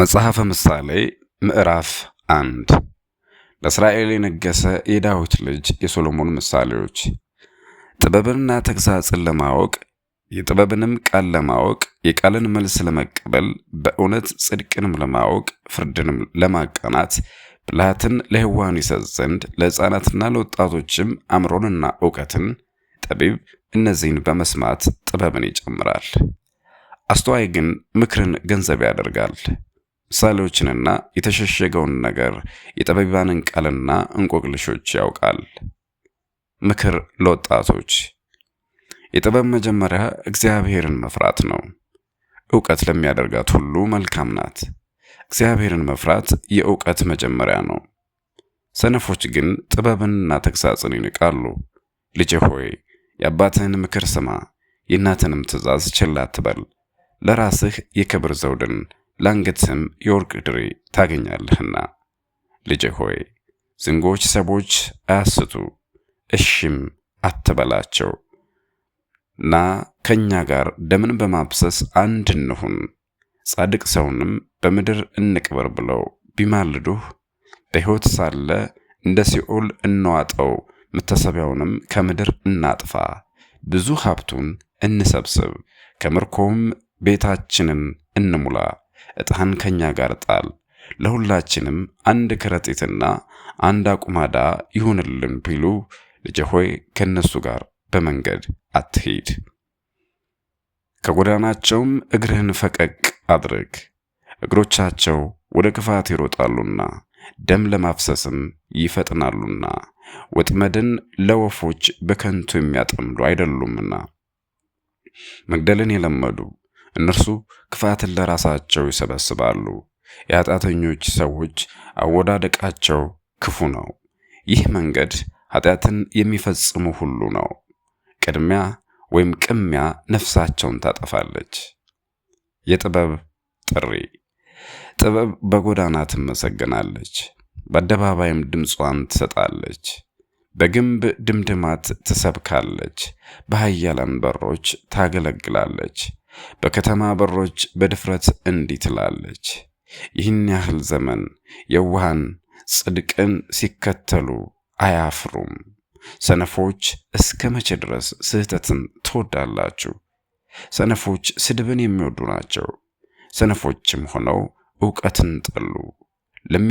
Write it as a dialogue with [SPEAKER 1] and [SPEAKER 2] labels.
[SPEAKER 1] መጽሐፈ ምሳሌ ምዕራፍ አንድ ለእስራኤል የነገሰ የዳዊት ልጅ የሶሎሞን ምሳሌዎች። ጥበብንና ተግሣጽን ለማወቅ የጥበብንም ቃል ለማወቅ የቃልን መልስ ለመቀበል በእውነት ጽድቅንም ለማወቅ ፍርድንም ለማቃናት ብልሃትን ለህዋን ይሰጥ ዘንድ ለሕፃናትና ለወጣቶችም አእምሮንና እውቀትን ጠቢብ እነዚህን በመስማት ጥበብን ይጨምራል። አስተዋይ ግን ምክርን ገንዘብ ያደርጋል። ምሳሌዎችንና የተሸሸገውን ነገር የጠቢባንን ቃልና እንቆቅልሾች ያውቃል። ምክር ለወጣቶች የጥበብ መጀመሪያ እግዚአብሔርን መፍራት ነው። እውቀት ለሚያደርጋት ሁሉ መልካም ናት። እግዚአብሔርን መፍራት የእውቀት መጀመሪያ ነው። ሰነፎች ግን ጥበብንና ተግሳጽን ይንቃሉ። ልጄ ሆይ የአባትህን ምክር ስማ፣ የእናትንም ትእዛዝ ችላ አትበል። ለራስህ የክብር ዘውድን ለአንገትህም የወርቅ ድሪ ታገኛለህና። ልጄ ሆይ ዝንጎች ሰዎች አያስቱ፣ እሽም አትበላቸው እና ከእኛ ጋር ደምን በማብሰስ አንድ እንሁን፣ ጻድቅ ሰውንም በምድር እንቅበር ብለው ቢማልዱህ በሕይወት ሳለ እንደ ሲኦል እንዋጠው፣ መታሰቢያውንም ከምድር እናጥፋ፣ ብዙ ሀብቱን እንሰብስብ፣ ከምርኮውም ቤታችንን እንሙላ ዕጣን ከኛ ጋር ጣል፣ ለሁላችንም አንድ ከረጢትና አንድ አቁማዳ ይሁንልን ቢሉ ልጄ ሆይ ከእነሱ ጋር በመንገድ አትሂድ፣ ከጎዳናቸውም እግርህን ፈቀቅ አድርግ። እግሮቻቸው ወደ ክፋት ይሮጣሉና ደም ለማፍሰስም ይፈጥናሉና ወጥመድን ለወፎች በከንቱ የሚያጠምዱ አይደሉምና መግደልን የለመዱ እነርሱ ክፋትን ለራሳቸው ይሰበስባሉ። የኃጢአተኞች ሰዎች አወዳደቃቸው ክፉ ነው። ይህ መንገድ ኃጢአትን የሚፈጽሙ ሁሉ ነው። ቅድሚያ ወይም ቅሚያ ነፍሳቸውን ታጠፋለች። የጥበብ ጥሪ። ጥበብ በጎዳና ትመሰገናለች፣ በአደባባይም ድምጿን ትሰጣለች። በግንብ ድምድማት ትሰብካለች፣ በኃያላን በሮች ታገለግላለች። በከተማ በሮች በድፍረት እንዲህ ትላለች። ይህን ያህል ዘመን የዋሃን ጽድቅን ሲከተሉ አያፍሩም። ሰነፎች እስከ መቼ ድረስ ስህተትን ትወዳላችሁ? ሰነፎች ስድብን የሚወዱ ናቸው። ሰነፎችም ሆነው እውቀትን ጠሉ።